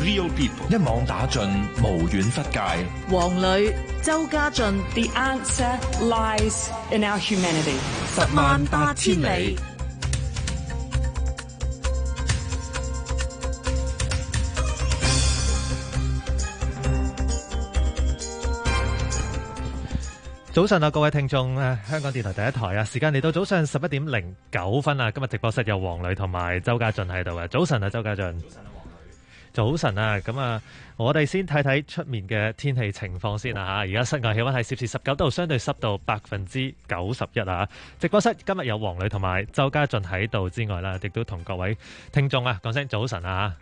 Real people，一網打盡，無遠弗屆。黃磊、周家俊，The answer lies in our humanity。十萬八千里。千里早晨啊，各位聽眾，香港電台第一台啊，時間嚟到早上十一點零九分啊，今日直播室有黃磊同埋周家俊喺度啊。早晨啊，周家俊。早晨啊，咁啊，我哋先睇睇出面嘅天氣情況先啊。吓，而家室外氣温係攝氏十九度，相對濕度百分之九十一啊。直播室今日有王磊同埋周家俊喺度之外啦，亦都同各位聽眾啊講聲早晨啊。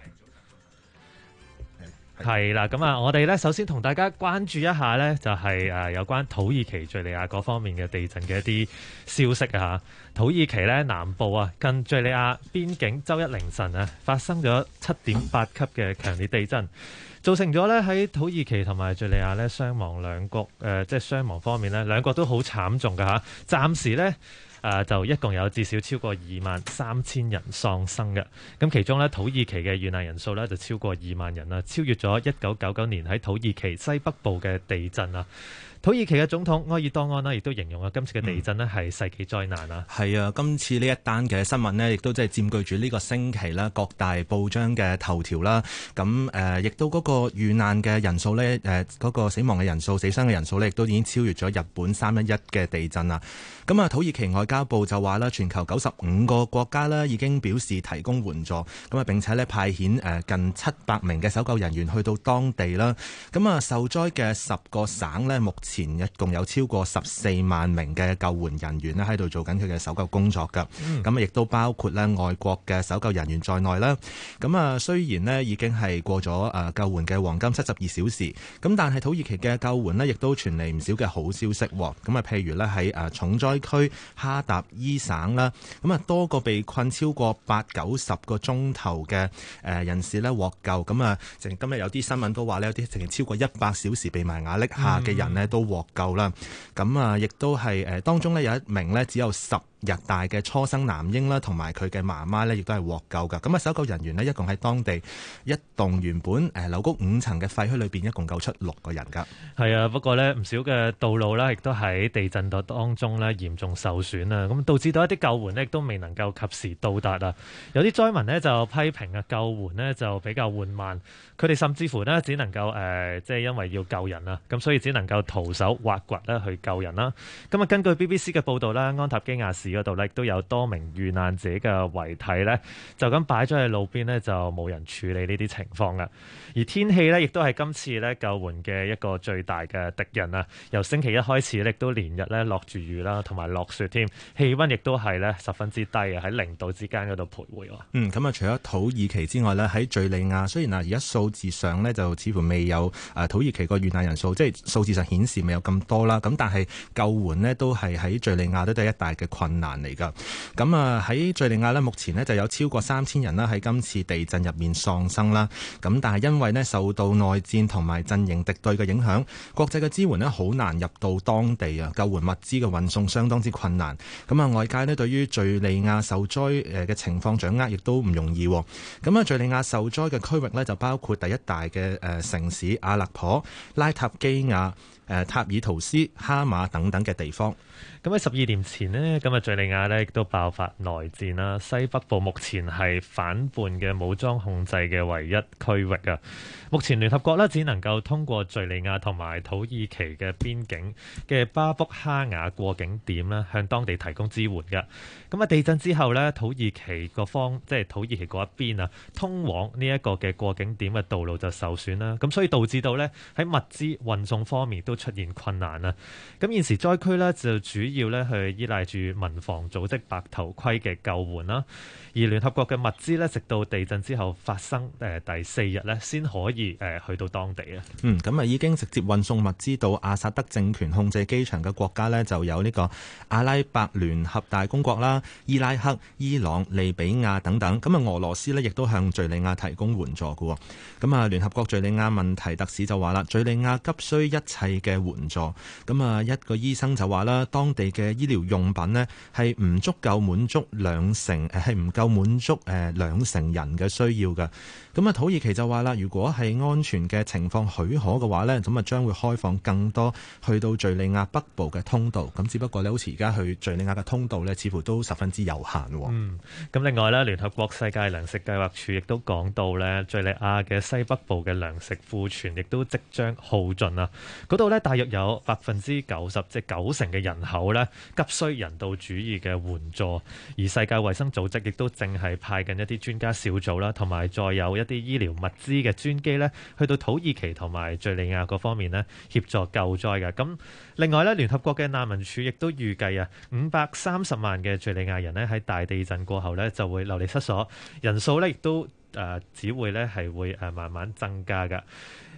係啦，咁啊，我哋咧，首先同大家關注一下呢就係誒有關土耳其敘利亞方面嘅地震嘅一啲消息啊。土耳其咧南部啊，近敘利亞邊境，周一凌晨啊發生咗七點八級嘅強烈地震，造成咗咧喺土耳其同埋敘利亞咧傷亡兩國誒，即係傷亡方面呢，兩國都好慘重噶吓，暫時呢誒就一共有至少超過二萬三千人喪生嘅，咁其中呢，土耳其嘅遇難人數呢，就超過二萬人啦，超越咗一九九九年喺土耳其西北部嘅地震啦。土耳其嘅總統埃爾多安呢，亦都形容啊今次嘅地震呢，係世紀災難啊。係、嗯、啊，今次呢一單嘅新聞呢，亦都即係佔據住呢個星期啦各大報章嘅頭條啦。咁誒，亦都嗰個遇難嘅人數呢，嗰、呃嗰個死亡嘅人數、死傷嘅人數呢，亦都已經超越咗日本三一一嘅地震啦。咁啊，土耳其外交部就話啦，全球九十五個國家啦已經表示提供援助，咁啊並且咧派遣誒近七百名嘅搜救人員去到當地啦。咁啊受災嘅十個省咧，目前一共有超過十四萬名嘅救援人員咧喺度做緊佢嘅搜救工作㗎。咁啊亦都包括咧外國嘅搜救人員在內啦。咁啊雖然咧已經係過咗誒救援嘅黃金七十二小時，咁但係土耳其嘅救援咧亦都傳嚟唔少嘅好消息喎。咁啊譬如咧喺誒重災區下。達伊省啦，咁啊，多個被困超過八九十個鐘頭嘅誒人士咧獲救。咁啊，淨今日有啲新聞都話呢，有啲淨超過一百小時被埋瓦礫下嘅人呢，都獲救啦。咁啊，亦都係誒當中呢，有一名呢，只有十。日大嘅初生男嬰啦，同埋佢嘅媽媽咧，亦都係獲救噶。咁啊，搜救人員咧，一共喺當地一棟原本誒樓高五層嘅廢墟裏邊一共救出六個人噶。係啊，不過咧，唔少嘅道路咧，亦都喺地震當中咧嚴重受損啊。咁導致到一啲救援咧都未能夠及時到達啊。有啲災民咧就批評啊，救援咧就比較緩慢。佢哋甚至乎咧只能夠誒、呃、即係因為要救人啊，咁所以只能夠徒手挖掘，咧去救人啦。咁啊，根據 BBC 嘅報道啦，安塔基亞市。嗰度咧都有多名遇難者嘅遺體咧，就咁擺咗喺路邊呢，就冇人處理呢啲情況啦。而天氣呢，亦都係今次咧救援嘅一個最大嘅敵人啊！由星期一開始，亦都連日咧落住雨啦，同埋落雪添，氣温亦都係咧十分之低啊，喺零度之間嗰度徘徊喎、嗯。嗯，咁啊，除咗土耳其之外咧，喺敘利亞，雖然啊而家數字上呢，就似乎未有誒、啊、土耳其個遇難人數，即係數字上顯示未有咁多啦。咁但係救援呢，都係喺敘利亞都都一大嘅困難。難嚟噶，咁啊喺敘利亞呢目前呢，就有超過三千人啦，喺今次地震入面喪生啦，咁但係因為呢受到內戰同埋陣營敵對嘅影響，國際嘅支援呢好難入到當地啊，救援物資嘅運送相當之困難，咁、嗯、啊外界呢對於敘利亞受災誒嘅情況掌握亦都唔容易，咁啊敘利亞受災嘅區域呢，就包括第一大嘅誒、呃、城市阿勒頗拉塔基亞、誒、呃、塔爾圖斯、哈馬等等嘅地方。咁喺十二年前呢，咁啊叙利亞呢亦都爆發內戰啦，西北部目前係反叛嘅武裝控制嘅唯一區域啊，目前聯合國呢只能夠通過敘利亞同埋土耳其嘅邊境嘅巴布哈瓦過境點咧，向當地提供支援嘅。咁啊地震之後咧，土耳其個方即係土耳其嗰一邊啊，通往呢一個嘅過境點嘅道路就受損啦，咁所以導致到咧喺物資運送方面都出現困難啦。咁現時災區咧就主要要咧去依賴住民防組織白頭盔嘅救援啦，而聯合國嘅物資咧，直到地震之後發生誒第四日咧，先可以誒去到當地啊。嗯，咁啊已經直接運送物資到阿薩德政權控制機場嘅國家咧，就有呢個阿拉伯聯合大公國啦、伊拉克、伊朗、利比亞等等。咁啊，俄羅斯咧亦都向敘利亞提供援助嘅喎。咁啊，聯合國敘利亞問題特使就話啦，敘利亞急需一切嘅援助。咁啊，一個醫生就話啦，當地。嘅醫療用品咧，係唔足夠滿足兩成，係唔夠滿足誒兩成人嘅需要嘅。咁啊，土耳其就話啦，如果係安全嘅情況許可嘅話呢，咁啊將會開放更多去到敍利亞北部嘅通道。咁只不過你好似而家去敍利亞嘅通道呢，似乎都十分之有限。嗯，咁另外呢，聯合國世界糧食計劃署亦都講到呢，敍利亞嘅西北部嘅糧食庫存亦都即將耗盡啦。嗰度呢，大約有百分之九十即九成嘅人口呢，急需人道主義嘅援助。而世界衛生組織亦都正係派緊一啲專家小組啦，同埋再有。一啲醫療物資嘅專機咧，去到土耳其同埋敘利亞嗰方面咧，協助救災噶。咁另外咧，聯合國嘅難民署亦都預計啊，五百三十萬嘅敘利亞人咧，喺大地震過後咧就會流離失所，人數咧亦都誒只會咧係會誒慢慢增加噶。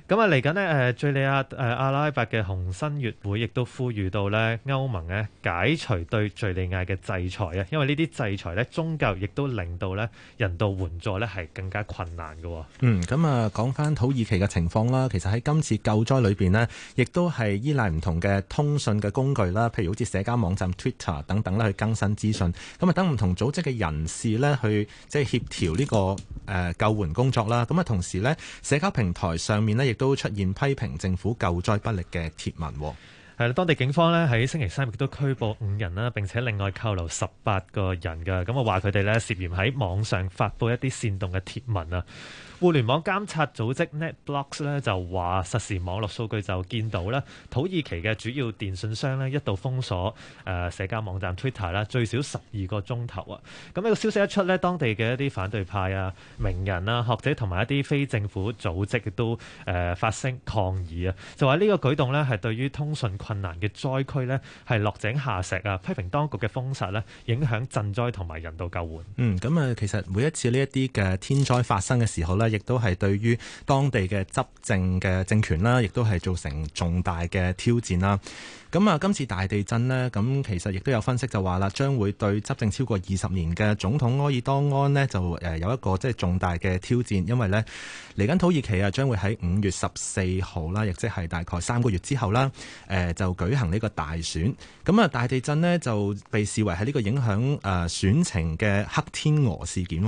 咁啊，嚟緊咧，誒敘利亞誒阿拉伯嘅紅新月會亦都呼籲到咧歐盟咧解除對敘利亞嘅制裁啊，因為呢啲制裁咧，終究亦都令到咧人道援助咧係更加困難嘅，哦嗯。嗯，咁，嗯，啊，講翻土耳其嘅情況啦，其實喺今次救災裏邊咧，亦都係依賴唔同嘅通訊嘅工具啦，譬如好似社交網站 Twitter 等等啦，去更新資訊，咁啊，等唔同組織嘅人士咧，去即係協調呢個誒、呃、救援工作啦。咁，嗯，啊，同時咧，社交平台上面咧，亦都出現批評政府救災不力嘅貼文。係啦，當地警方咧喺星期三亦都拘捕五人啦，並且另外扣留十八個人嘅。咁啊話佢哋咧涉嫌喺網上發布一啲煽動嘅帖文啊。互聯網監察組織 NetBlocks 咧就話實時網絡數據就見到咧土耳其嘅主要電訊商咧一度封鎖誒社交網站 Twitter 啦，最少十二個鐘頭啊。咁呢個消息一出咧，當地嘅一啲反對派啊、名人啦、學者同埋一啲非政府組織都誒發聲抗議啊，就話呢個舉動咧係對於通訊困難嘅災區咧，係落井下石啊！批評當局嘅封殺咧，影響賑災同埋人道救援。嗯，咁啊，其實每一次呢一啲嘅天災發生嘅時候呢，亦都係對於當地嘅執政嘅政權啦，亦都係造成重大嘅挑戰啦。咁啊，今次大地震呢，咁其實亦都有分析就話啦，將會對執政超過二十年嘅總統埃爾多安呢，就誒有一個即係重大嘅挑戰，因為呢，嚟緊土耳其啊，將會喺五月十四號啦，亦即係大概三個月之後啦，誒就舉行呢個大選。咁啊，大地震呢，就被視為係呢個影響誒選情嘅黑天鵝事件。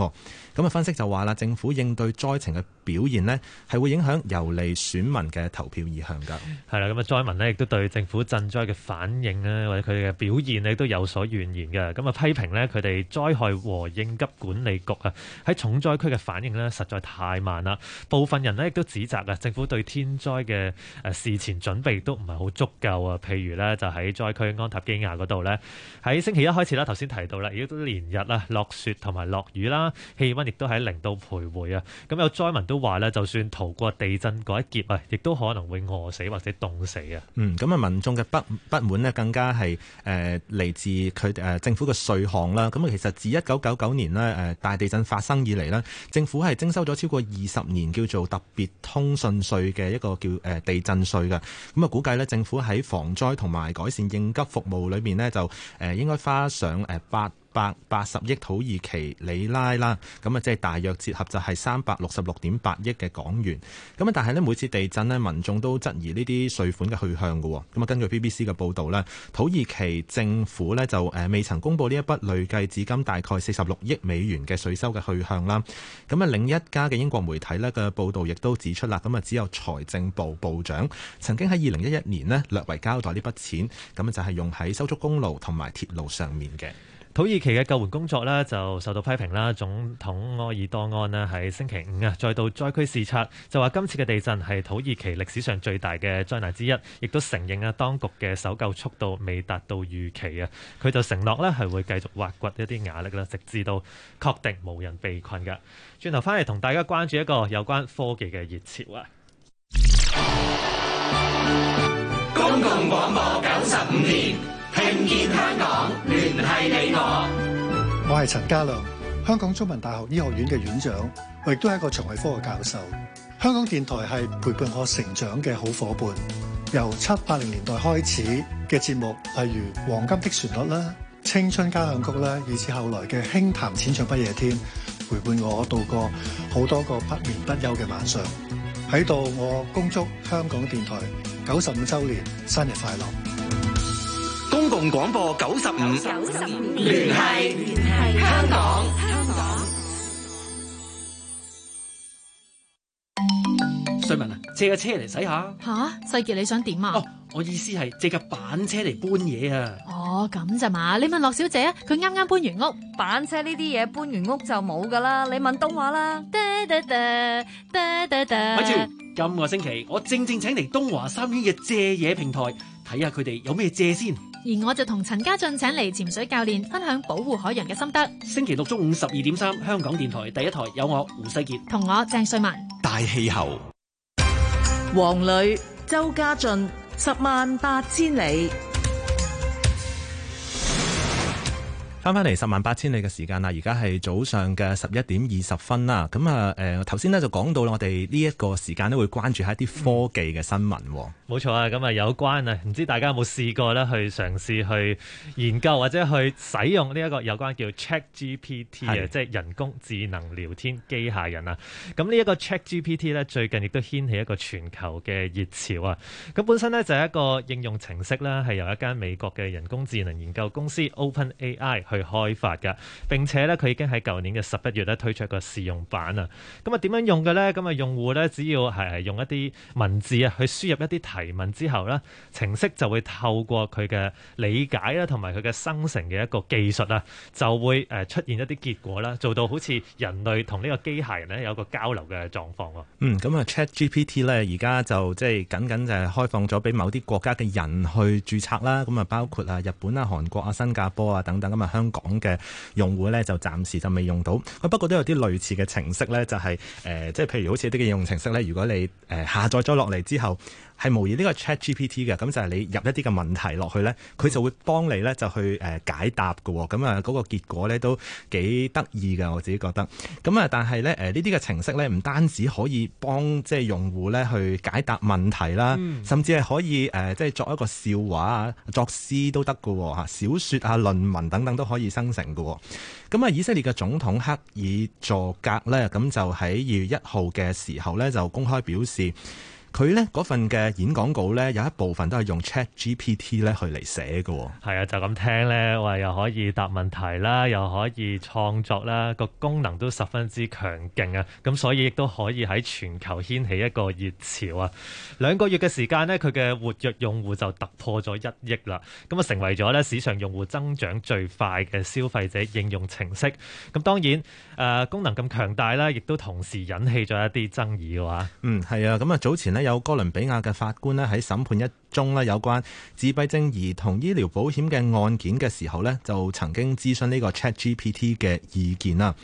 咁啊，分析就話啦，政府應對災情嘅表現咧，係會影響游離選民嘅投票意向㗎。係啦，咁啊，災民咧亦都對政府賑災嘅反應咧，或者佢哋嘅表現咧都有所怨言嘅。咁啊，批評咧佢哋災害和應急管理局啊，喺重災區嘅反應咧實在太慢啦。部分人咧亦都指責啊，政府對天災嘅誒事前準備都唔係好足夠啊。譬如咧就喺災區安塔基亞嗰度咧，喺星期一開始啦，頭先提到啦，亦都連日啊落雪同埋落雨啦，氣温，亦都喺零度徘徊啊！咁有災民都話咧，就算逃過地震嗰一劫啊，亦都可能會餓死或者凍死啊！嗯，咁啊，民眾嘅不不滿咧，更加係誒嚟自佢哋政府嘅稅項啦。咁啊，其實自一九九九年咧誒、呃、大地震發生以嚟咧，政府係徵收咗超過二十年叫做特別通訊稅嘅一個叫誒、呃、地震稅嘅。咁啊，估計咧政府喺防災同埋改善應急服務裏面咧，就誒應該花上誒八。百八十億土耳其里拉啦，咁啊，即係大約折合就係三百六十六點八億嘅港元。咁啊，但係呢，每次地震呢，民眾都質疑呢啲稅款嘅去向嘅。咁啊，根據 BBC 嘅報導咧，土耳其政府呢就誒未曾公布呢一筆累計至今大概四十六億美元嘅稅收嘅去向啦。咁啊，另一家嘅英國媒體呢嘅報導亦都指出啦，咁啊，只有財政部部長曾經喺二零一一年呢略為交代呢筆錢，咁啊就係、是、用喺修築公路同埋鐵路上面嘅。土耳其嘅救援工作呢，就受到批評啦，總統埃爾多安呢，喺星期五啊，再到災區視察，就話今次嘅地震係土耳其歷史上最大嘅災難之一，亦都承認啊當局嘅搜救速度未達到預期啊，佢就承諾呢，係會繼續挖掘一啲瓦礫啦，直至到確定無人被困嘅。轉頭翻嚟同大家關注一個有關科技嘅熱潮啊！公共廣播九十五年。共建香港，聯繫你我。我係陳家亮，香港中文大學醫學院嘅院長，我亦都係一個腸胃科嘅教授。香港電台係陪伴我成長嘅好伙伴。由七八零年代開始嘅節目，例如《黃金的旋律》啦，《青春交響曲》啦，以至後來嘅《輕談淺唱不夜天》，陪伴我度過好多個不眠不休嘅晚上。喺度，我恭祝香港電台九十五週年生日快樂！公共廣播九十五，聯繫香港。瑞文啊，借架車嚟洗下。吓，世杰你想點啊？哦，我意思係借架板車嚟搬嘢啊。哦，咁啫嘛？你問樂小姐啊，佢啱啱搬完屋，板車呢啲嘢搬完屋就冇噶啦。你問東華啦。嘟嘟嘟嘟嘟嘟。咪住，今個星期我正正請嚟東華三院嘅借嘢平台，睇下佢哋有咩借先。而我就同陳家俊請嚟潛水教練分享保護海洋嘅心得。星期六中午十二點三，3，香港電台第一台有我胡世杰，同我鄭瑞文。大氣候，黃磊、周家俊，十萬八千里。翻返嚟十萬八千里嘅時間啦，而家係早上嘅十一點二十分啦。咁啊，誒頭先咧就講到啦，我哋呢一個時間咧會關注下一啲科技嘅新聞。冇、嗯、錯啊，咁啊有關啊，唔知大家有冇試過咧去嘗試去研究或者去使用呢一個有關叫 Chat GPT 啊是，即係人工智能聊天機械人啊。咁呢一個 Chat GPT 咧，最近亦都掀起一個全球嘅熱潮啊。咁本身咧就係一個應用程式啦，係由一間美國嘅人工智能研究公司 Open AI 去。去開發噶，並且咧佢已經喺舊年嘅十一月咧推出一個試用版啊。咁啊點樣用嘅咧？咁啊用戶咧只要係用一啲文字啊去輸入一啲提問之後咧，程式就會透過佢嘅理解啦，同埋佢嘅生成嘅一個技術啦，就會誒出現一啲結果啦，做到好似人類同呢個機械人咧有個交流嘅狀況喎。嗯，咁啊 ChatGPT 咧而家就即係僅僅就係開放咗俾某啲國家嘅人去注冊啦。咁啊包括啊日本啊、韓國啊、新加坡啊等等咁啊香啊。香港嘅用戶咧就暫時就未用到，不過都有啲類似嘅程式咧、就是，就係誒，即係譬如好似啲應用程式咧，如果你誒下載咗落嚟之後，係模擬呢個 ChatGPT 嘅，咁就係你入一啲嘅問題落去咧，佢就會幫你咧就去誒解答嘅，咁啊嗰個結果咧都幾得意嘅，我自己覺得，咁啊但係咧誒呢啲嘅、呃、程式咧唔單止可以幫即係用戶咧去解答問題啦，嗯、甚至係可以誒即係作一個笑話啊、作詩都得嘅吓，小說啊、論文等等都可以。可以生成嘅，咁啊，以色列嘅總統克爾佐格咧，咁就喺二月一號嘅時候咧，就公開表示。佢咧份嘅演講稿咧，有一部分都係用 ChatGPT 咧去嚟寫嘅，哦。係啊，就咁聽咧，喂又可以答問題啦，又可以創作啦，個功能都十分之強勁啊！咁所以亦都可以喺全球掀起一個熱潮啊！兩個月嘅時間呢，佢嘅活躍用戶就突破咗一億啦，咁啊成為咗咧市場用戶增長最快嘅消費者應用程式。咁當然，誒、呃、功能咁強大啦，亦都同時引起咗一啲爭議嘅話嗯、啊。嗯，係啊，咁啊早前呢。有哥倫比亞嘅法官咧喺審判一。中啦有關自閉症兒童醫療保險嘅案件嘅時候咧，就曾經諮詢呢個 ChatGPT 嘅意見啦。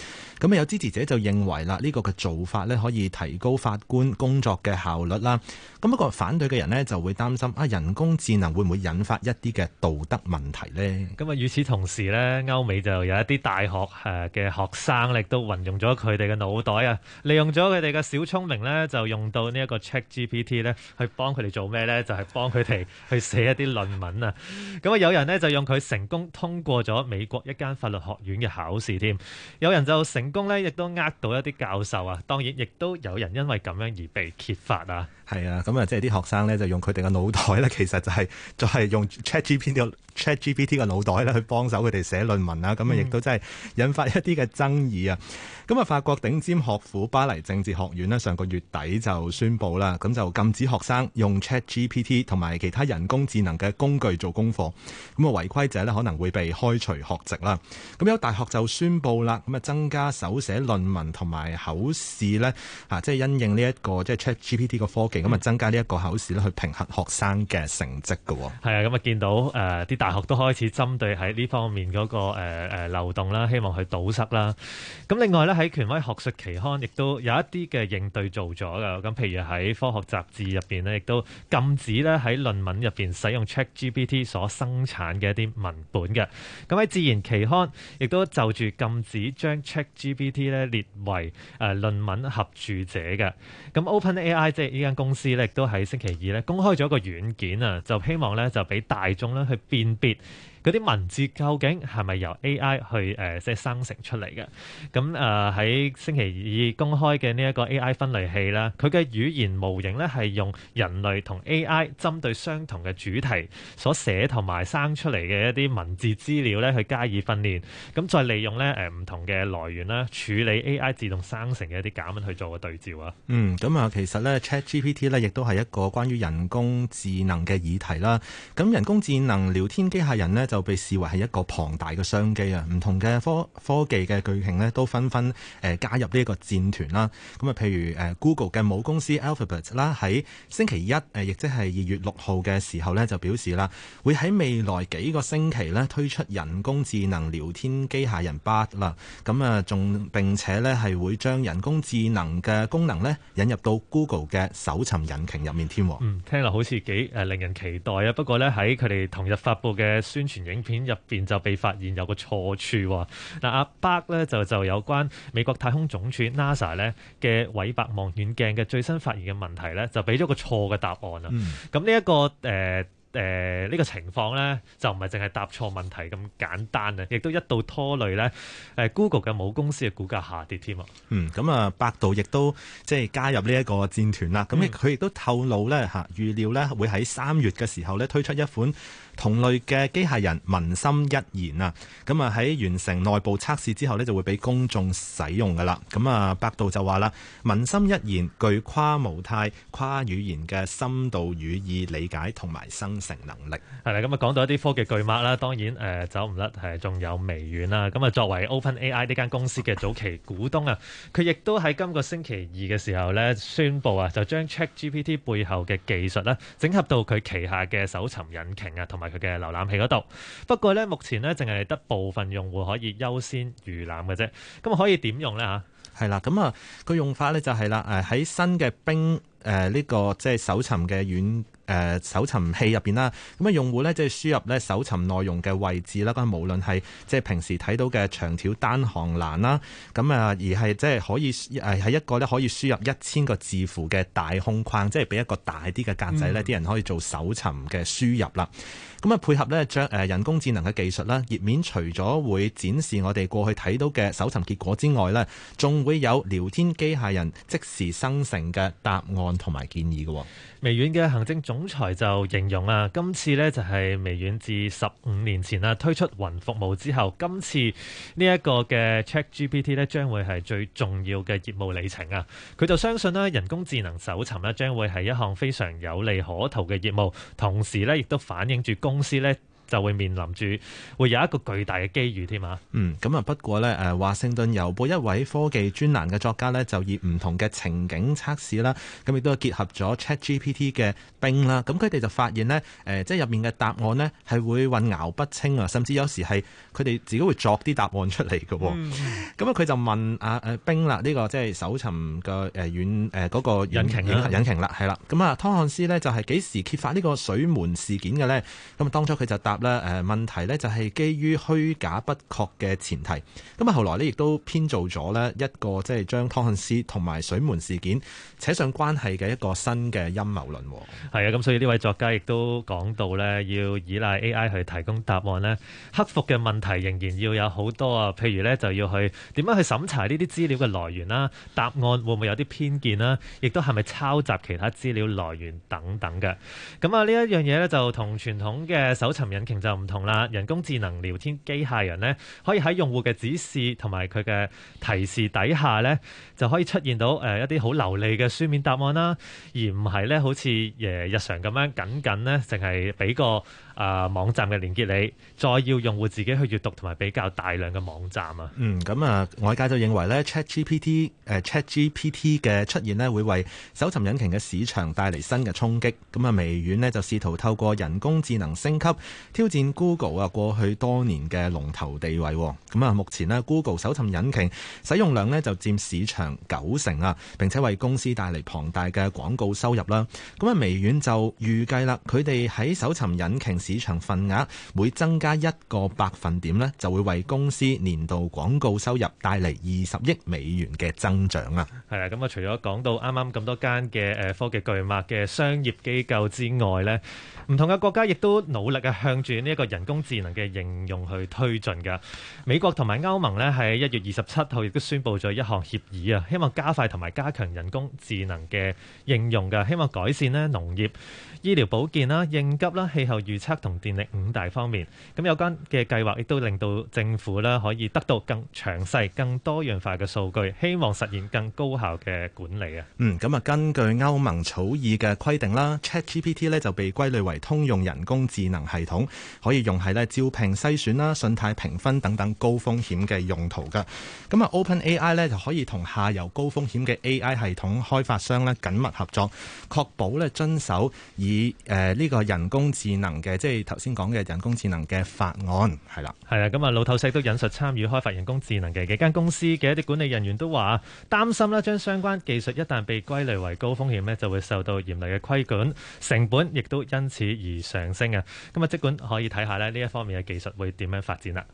咁啊，有支持者就認為啦，呢個嘅做法咧可以提高法官工作嘅效率啦。咁不過反對嘅人咧就會擔心啊，人工智能會唔會引發一啲嘅道德問題咧？咁啊，與此同時咧，歐美就有一啲大學誒嘅學生亦都運用咗佢哋嘅腦袋啊，利用咗佢哋嘅小聰明咧，就用到這呢一個 ChatGPT 咧，去幫佢哋做咩咧？就係幫佢。去寫一啲論文啊，咁啊有人咧就用佢成功通過咗美國一間法律學院嘅考試添，有人就成功咧亦都呃到一啲教授啊，當然亦都有人因為咁樣而被揭發啊。係啊，咁啊，即係啲學生咧，就用佢哋嘅腦袋咧，其實就係就係用 ChatGPT 嘅 ChatGPT 嘅腦袋咧，去幫手佢哋寫論文啦。咁啊、嗯，亦都真係引發一啲嘅爭議啊。咁啊，法國頂尖學府巴黎政治學院咧，上個月底就宣布啦，咁就禁止學生用 ChatGPT 同埋其他人工智能嘅工具做功課，咁啊，違規者咧可能會被開除學籍啦。咁有大學就宣布啦，咁啊，增加手寫論文同埋口試咧，啊，即係因應呢一個即係 ChatGPT 嘅科技。咁啊，嗯、增加呢一個考試咧，去平衡學生嘅成績嘅、哦。係啊，咁啊，見到誒啲大學都開始針對喺呢方面嗰、嗰個誒誒漏洞啦，希望去堵塞啦。咁另外咧，喺權威學術期刊亦都有一啲嘅應對做咗噶，咁譬如喺科學雜誌入邊咧，亦都禁止咧喺論文入邊使用 ChatGPT 所生產嘅一啲文本嘅。咁喺自然期刊亦都就住禁止將 ChatGPT 咧列為誒論、呃、文合著者嘅。咁 OpenAI 即係依間。公司咧亦都喺星期二咧公開咗一個軟件啊，就希望咧就俾大眾咧去辨別。嗰啲文字究竟係咪由 A.I. 去誒即係生成出嚟嘅？咁誒喺星期二公開嘅呢一個 A.I. 分類器啦，佢嘅語言模型咧係用人類同 A.I. 針對相同嘅主題所寫同埋生出嚟嘅一啲文字資料咧去加以訓練，咁再利用咧誒唔同嘅來源啦處理 A.I. 自動生成嘅一啲假文去做個對照啊。嗯，咁、嗯、啊、嗯，其實咧 ChatGPT 咧亦都係一個關於人工智能嘅議題啦。咁人工智能聊天機械人咧。就被視為係一個龐大嘅商機啊！唔同嘅科科技嘅巨擎咧，都紛紛誒加入呢一個戰團啦。咁啊，譬如誒 Google 嘅母公司 Alphabet 啦，喺星期一誒亦即係二月六號嘅時候咧，就表示啦，會喺未來幾個星期咧推出人工智能聊天機械人 Bot 啦。咁啊，仲並且咧係會將人工智能嘅功能咧引入到 Google 嘅搜尋引擎入面添。嗯，聽落好似幾誒令人期待啊！不過咧喺佢哋同日發佈嘅宣傳。影片入面就被發現有個錯處喎，嗱、啊、阿伯咧就就有關美國太空總署 NASA 咧嘅韋伯望遠鏡嘅最新發現嘅問題咧，就俾咗個錯嘅答案啦。咁呢一個呢、呃呃呢個情況咧，就唔係淨係答錯問題咁簡單啊，亦都一度拖累咧、啊、Google 嘅母公司嘅股價下跌添啊。嗯，咁啊，百度亦都即係、就是、加入呢一個戰團啦。咁佢亦都透露咧嚇、啊、預料咧會喺三月嘅時候咧推出一款，同類嘅機械人文心一言啊，咁啊喺完成內部測試之後呢，就會俾公眾使用噶啦。咁啊，百度就話啦，文心一言具跨模態、跨語言嘅深度語義理解同埋生成能力。係啦，咁啊講到一啲科技巨擘啦，當然誒、呃、走唔甩係仲有微軟啦。咁啊作為 OpenAI 呢間公司嘅早期股東啊，佢亦都喺今個星期二嘅時候呢，宣布啊就將 ChatGPT 背後嘅技術呢，整合到佢旗下嘅搜尋引擎啊同埋佢嘅瀏覽器嗰度，不過咧目前咧淨係得部分用戶可以優先預覽嘅啫，咁可以點用咧吓？係啦，咁啊佢用法咧就係啦，誒喺新嘅冰。誒呢、呃個即係搜尋嘅軟誒搜尋器入邊啦，咁啊用戶咧即係輸入咧搜尋內容嘅位置啦，咁啊無論係即係平時睇到嘅長條單行欄啦，咁、呃、啊而係即係可以誒、呃、係一個咧可以輸入一千個字符嘅大空框，即係俾一個大啲嘅格仔咧，啲、嗯、人可以做搜尋嘅輸入啦。咁啊配合咧將人工智能嘅技術啦，頁面除咗會展示我哋過去睇到嘅搜尋結果之外咧，仲會有聊天機械人即時生成嘅答案。同埋建議嘅、哦、微軟嘅行政總裁就形容啊，今次呢就係微軟自十五年前啊推出雲服務之後，今次呢一個嘅 ChatGPT 呢將會係最重要嘅業務里程啊！佢就相信啦，人工智能搜尋呢將會係一項非常有利可圖嘅業務，同時呢亦都反映住公司呢。就會面臨住會有一個巨大嘅機遇添啊！嗯，咁啊不過咧，誒、呃、華盛頓郵報一位科技專欄嘅作家咧，就以唔同嘅情景測試啦，咁亦都結合咗 ChatGPT 嘅冰啦，咁佢哋就發現呢，誒、呃、即係入面嘅答案呢，係會混淆不清啊，甚至有時係佢哋自己會作啲答案出嚟嘅。咁啊佢、嗯、就問阿、啊、誒、呃、冰啦，呢、這個即係搜尋嘅誒、呃呃呃那個、遠誒嗰個引擎啊，引擎啦，係啦，咁、嗯、啊湯漢斯呢，就係、是、幾時揭發呢個水門事件嘅咧？咁當初佢就答。咧誒問題呢就係基於虛假不確嘅前提，咁啊後來呢亦都編造咗咧一個即係將湯漢斯同埋水門事件扯上關係嘅一個新嘅陰謀論。係啊，咁所以呢位作家亦都講到呢要依賴 A.I. 去提供答案呢，克服嘅問題仍然要有好多啊，譬如呢就要去點樣去審查呢啲資料嘅來源啦，答案會唔會有啲偏見啦，亦都係咪抄襲其他資料來源等等嘅。咁啊呢一樣嘢呢就同傳統嘅搜尋引擎。就唔同啦，人工智能聊天機械人呢，可以喺用戶嘅指示同埋佢嘅提示底下呢，就可以出現到呃、一啲好流利嘅書面答案啦，而唔係呢，好似呃、日常咁樣，僅僅呢，淨係俾個啊網站嘅連結你，再要用戶自己去閱讀同埋比較大量嘅網站啊、嗯。嗯，咁、呃、啊，外界就認為呢 ChatGPT ChatGPT 嘅、呃、Chat 出現呢，會為搜尋引擎嘅市場帶嚟新嘅衝擊。咁、嗯、啊，微軟呢，就試圖透過人工智能升級。挑戰 Google 啊，過去多年嘅龍頭地位，咁啊，目前呢 Google 搜尋引擎使用量呢就佔市場九成啊，並且為公司帶嚟龐大嘅廣告收入啦。咁啊，微軟就預計啦，佢哋喺搜尋引擎市場份額每增加一個百分點呢，就會為公司年度廣告收入帶嚟二十億美元嘅增長啊。係啊，咁啊，除咗講到啱啱咁多間嘅誒科技巨擘嘅商業機構之外呢，唔同嘅國家亦都努力嘅向住呢一個人工智能嘅應用去推進㗎。美國同埋歐盟呢，喺一月二十七號亦都宣布咗一項協議啊，希望加快同埋加強人工智能嘅應用㗎，希望改善呢農業。醫療保健啦、應急啦、氣候預測同電力五大方面，咁有關嘅計劃亦都令到政府啦可以得到更詳細、更多樣化嘅數據，希望實現更高效嘅管理啊。嗯，咁啊，根據歐盟草擬嘅規定啦，ChatGPT 就被歸類為通用人工智能系統，可以用喺咧招聘篩選啦、信貸評分等等高風險嘅用途嘅。咁啊，OpenAI 咧就可以同下游高風險嘅 AI 系統開發商咧緊密合作，確保咧遵守以以誒呢個人工智能嘅，即係頭先講嘅人工智能嘅法案係啦，係啊，咁啊路透社都引述參與開發人工智能嘅幾間公司嘅一啲管理人員都話，擔心啦，將相關技術一旦被歸類為高風險咧，就會受到嚴厲嘅規管，成本亦都因此而上升啊！咁啊，即管可以睇下咧呢一方面嘅技術會點樣發展啦。